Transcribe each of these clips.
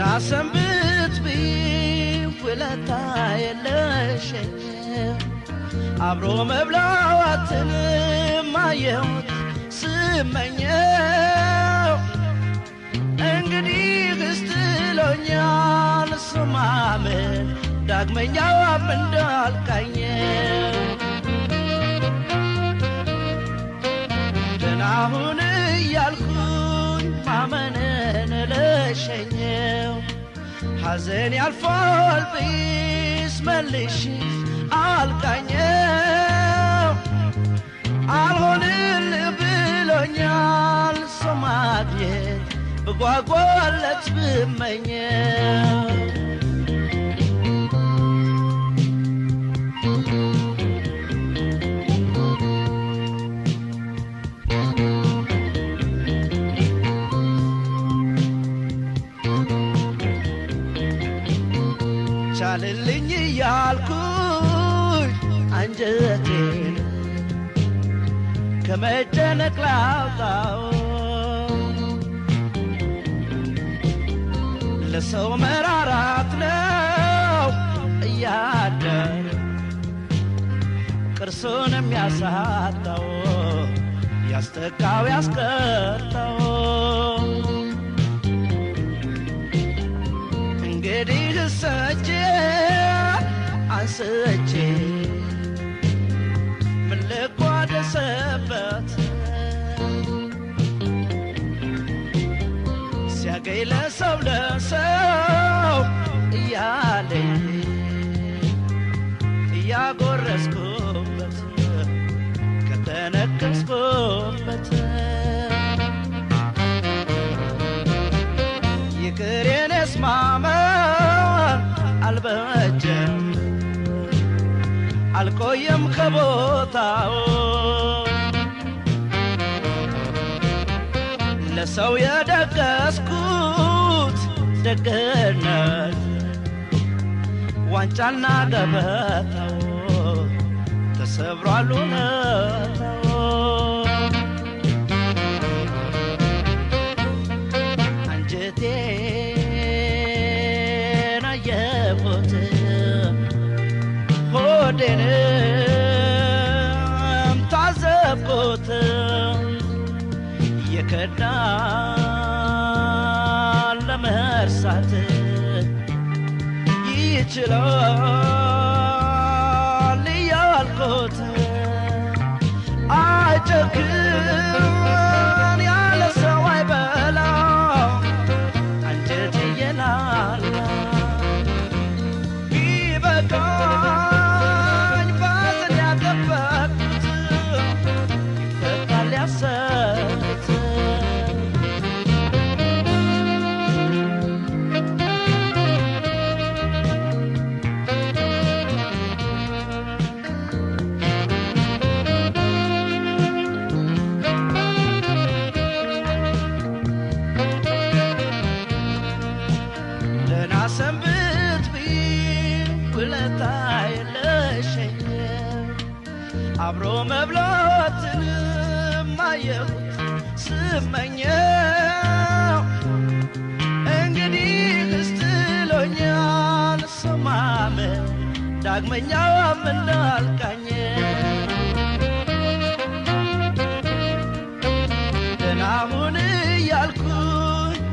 ደህና ሰንብት ብዬሽ ውለታ የለሽኝም አብሮ መብላዋትንም አየሁት ስመኘው እንግዲህ ስትሎኛል ስማምን ዳግመኛ ዋብ እንዳልቃኝ ደህና ሁን እያልኩኝ ማመን ሸኘው ሐዘን ያልፋል መልሽ አልቃኘው አልሆንል ብሎኛል ሰው ብጓጓለት ብመኘው ከመጨነቅ ላውጣው ለሰው መራራት ነው እያደር ቅርሱን የሚያሳጣው ያስተካው ያስቀርታው እንግዲህ እሰቼ አንስቼ ለሰው ለሰው እያለ እያጎረስኩበት ከተነከስኩበት ይቅሬኔስ ማመን አልበጀም አልቆየም ከቦታው ለሰው የደገስኩ ደግነት ዋንጫና ገበታው ተሰብሯል አንጀቴን አየሁት ሆዴን started. Yeah, it's your love. አሰንብት ቢል ውለታ የለሸኝ አብሮ መብላትንም አየሁት ስመኘው እንግዲህ ክስትሎኛል ሰማመን ዳግመኛ እንዳልቃኝ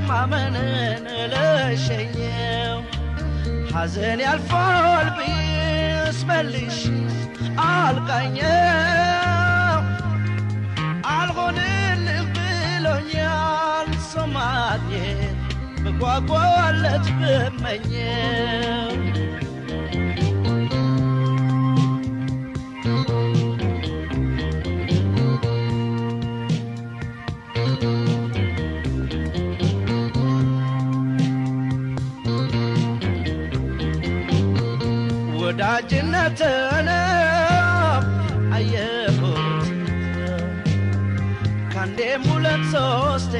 ማመንን ለሸኘው ሐዘን ያልፋል ብዬስ መልሽ አልቃኘው አልሆንልህ ብሎኛል ሰው ማግኘት ብጓጓለት ልጅነትን አየሁት ከአንዴ ሁለት ሶስቴ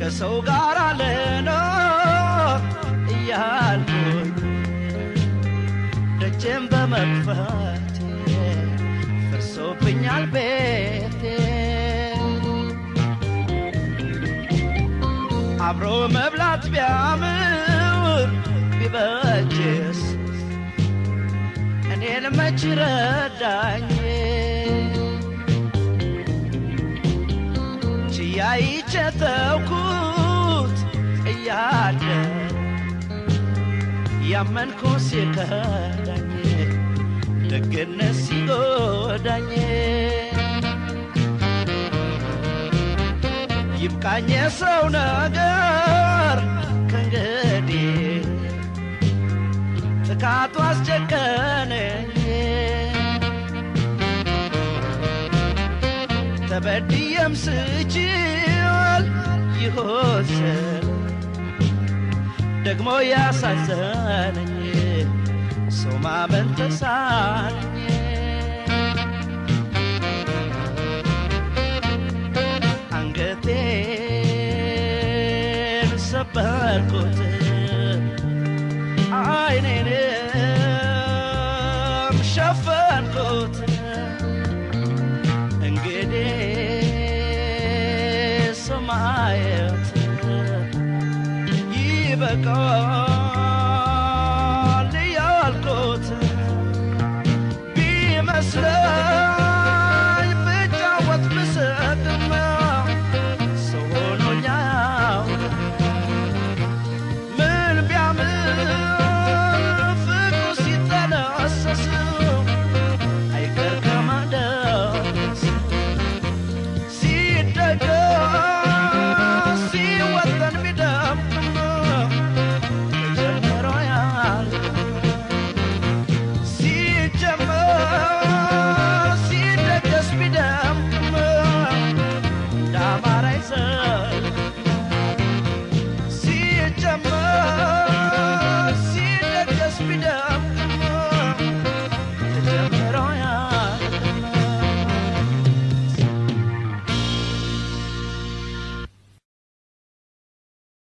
ከሰው ጋር አለኖ እያልኩኝ ደጀም በመክፈቴ ፈርሶብኛል ቤቴ አብሮ መብላት ቢያምር ቢበጅስ እኔን መች ረዳኝ ችያይቼ ተውኩት እያለ ያመንኩ ሲከዳኝ ደግነት ሲጎዳኝ ይብቃኝ ሰው ነገር መርካቶ አስጨቀነኝ ተበድየም ስችል ይሆሰል ደግሞ ያሳዘነኝ ሰው ማመን ተሳነኝ አንገቴን ሰበርኩት አፈርኩት እንግዲህ ሰማየት ይበቃል